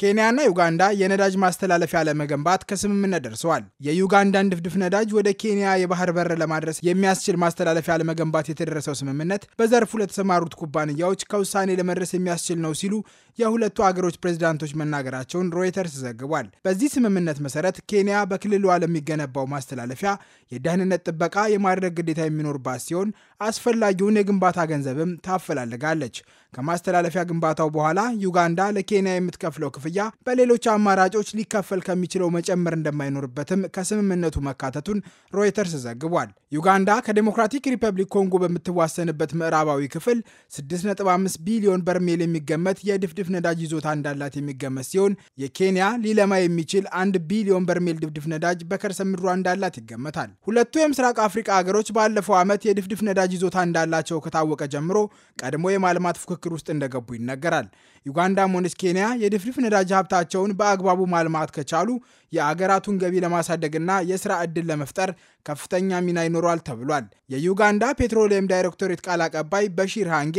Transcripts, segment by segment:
ኬንያና ዩጋንዳ የነዳጅ ማስተላለፊያ ለመገንባት ከስምምነት ደርሰዋል። የዩጋንዳን ድፍድፍ ነዳጅ ወደ ኬንያ የባህር በር ለማድረስ የሚያስችል ማስተላለፊያ ለመገንባት የተደረሰው ስምምነት በዘርፉ ለተሰማሩት ኩባንያዎች ከውሳኔ ለመድረስ የሚያስችል ነው ሲሉ የሁለቱ አገሮች ፕሬዚዳንቶች መናገራቸውን ሮይተርስ ዘግቧል። በዚህ ስምምነት መሰረት ኬንያ በክልሏ ለሚገነባው ማስተላለፊያ የደህንነት ጥበቃ የማድረግ ግዴታ የሚኖርባት ሲሆን አስፈላጊውን የግንባታ ገንዘብም ታፈላልጋለች። ከማስተላለፊያ ግንባታው በኋላ ዩጋንዳ ለኬንያ የምትከፍለው ክፍል ክፍያ በሌሎች አማራጮች ሊከፈል ከሚችለው መጨመር እንደማይኖርበትም ከስምምነቱ መካተቱን ሮይተርስ ዘግቧል። ዩጋንዳ ከዴሞክራቲክ ሪፐብሊክ ኮንጎ በምትዋሰንበት ምዕራባዊ ክፍል 6.5 ቢሊዮን በርሜል የሚገመት የድፍድፍ ነዳጅ ይዞታ እንዳላት የሚገመት ሲሆን የኬንያ ሊለማ የሚችል አንድ ቢሊዮን በርሜል ድፍድፍ ነዳጅ በከርሰ ምድሯ እንዳላት ይገመታል። ሁለቱ የምስራቅ አፍሪካ አገሮች ባለፈው ዓመት የድፍድፍ ነዳጅ ይዞታ እንዳላቸው ከታወቀ ጀምሮ ቀድሞ የማልማት ፉክክር ውስጥ እንደገቡ ይነገራል። ዩጋንዳም ሆነች ኬንያ የድፍድፍ ነዳጅ የነዳጅ ሀብታቸውን በአግባቡ ማልማት ከቻሉ የአገራቱን ገቢ ለማሳደግና የስራ ዕድል ለመፍጠር ከፍተኛ ሚና ይኖሯል ተብሏል። የዩጋንዳ ፔትሮሊየም ዳይሬክቶሬት ቃል አቀባይ በሺር ሃንጌ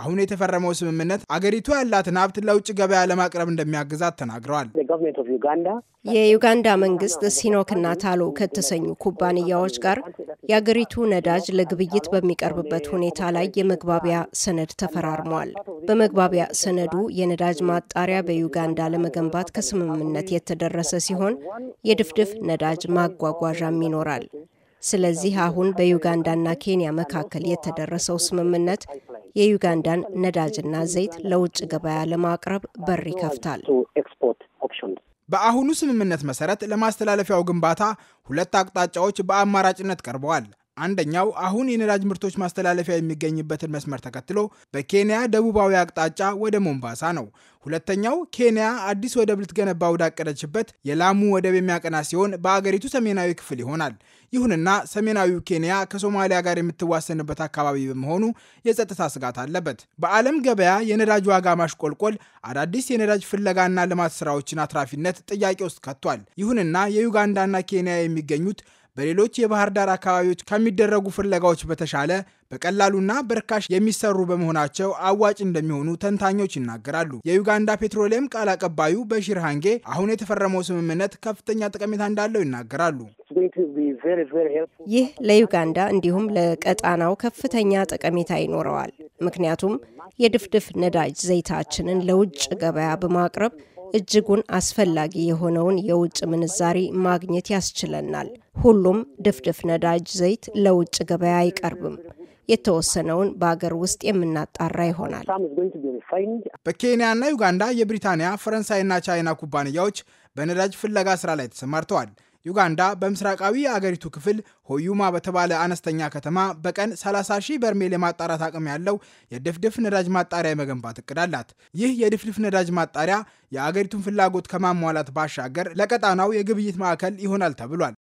አሁን የተፈረመው ስምምነት አገሪቱ ያላትን ሀብት ለውጭ ገበያ ለማቅረብ እንደሚያግዛት ተናግረዋል። የዩጋንዳ መንግስት ሲኖክና ታሎ ከተሰኙ ኩባንያዎች ጋር የአገሪቱ ነዳጅ ለግብይት በሚቀርብበት ሁኔታ ላይ የመግባቢያ ሰነድ ተፈራርሟል። በመግባቢያ ሰነዱ የነዳጅ ማጣሪያ በዩጋንዳ ለመገንባት ከስምምነት የተደረሰ ሲሆን የድፍድፍ ነዳጅ ማጓጓዣም ይኖራል። ስለዚህ አሁን በዩጋንዳና ኬንያ መካከል የተደረሰው ስምምነት የዩጋንዳን ነዳጅና ዘይት ለውጭ ገበያ ለማቅረብ በር ይከፍታል። በአሁኑ ስምምነት መሰረት ለማስተላለፊያው ግንባታ ሁለት አቅጣጫዎች በአማራጭነት ቀርበዋል። አንደኛው አሁን የነዳጅ ምርቶች ማስተላለፊያ የሚገኝበትን መስመር ተከትሎ በኬንያ ደቡባዊ አቅጣጫ ወደ ሞምባሳ ነው። ሁለተኛው ኬንያ አዲስ ወደብ ልትገነባ ወዳቀደችበት የላሙ ወደብ የሚያቀና ሲሆን በአገሪቱ ሰሜናዊ ክፍል ይሆናል። ይሁንና ሰሜናዊው ኬንያ ከሶማሊያ ጋር የምትዋሰንበት አካባቢ በመሆኑ የጸጥታ ስጋት አለበት። በዓለም ገበያ የነዳጅ ዋጋ ማሽቆልቆል አዳዲስ የነዳጅ ፍለጋና ልማት ስራዎችን አትራፊነት ጥያቄ ውስጥ ከቷል። ይሁንና የዩጋንዳና ኬንያ የሚገኙት በሌሎች የባህር ዳር አካባቢዎች ከሚደረጉ ፍለጋዎች በተሻለ በቀላሉና በርካሽ የሚሰሩ በመሆናቸው አዋጭ እንደሚሆኑ ተንታኞች ይናገራሉ። የዩጋንዳ ፔትሮሊየም ቃል አቀባዩ በሺር ሃንጌ አሁን የተፈረመው ስምምነት ከፍተኛ ጠቀሜታ እንዳለው ይናገራሉ። ይህ ለዩጋንዳ እንዲሁም ለቀጣናው ከፍተኛ ጠቀሜታ ይኖረዋል። ምክንያቱም የድፍድፍ ነዳጅ ዘይታችንን ለውጭ ገበያ በማቅረብ እጅጉን አስፈላጊ የሆነውን የውጭ ምንዛሪ ማግኘት ያስችለናል። ሁሉም ድፍድፍ ነዳጅ ዘይት ለውጭ ገበያ አይቀርብም። የተወሰነውን በአገር ውስጥ የምናጣራ ይሆናል። በኬንያና ዩጋንዳ የብሪታንያ ፈረንሳይና ቻይና ኩባንያዎች በነዳጅ ፍለጋ ስራ ላይ ተሰማርተዋል። ዩጋንዳ በምስራቃዊ የአገሪቱ ክፍል ሆዩማ በተባለ አነስተኛ ከተማ በቀን 30 ሺህ በርሜል የማጣራት አቅም ያለው የድፍድፍ ነዳጅ ማጣሪያ የመገንባት እቅድ አላት። ይህ የድፍድፍ ነዳጅ ማጣሪያ የአገሪቱን ፍላጎት ከማሟላት ባሻገር ለቀጣናው የግብይት ማዕከል ይሆናል ተብሏል።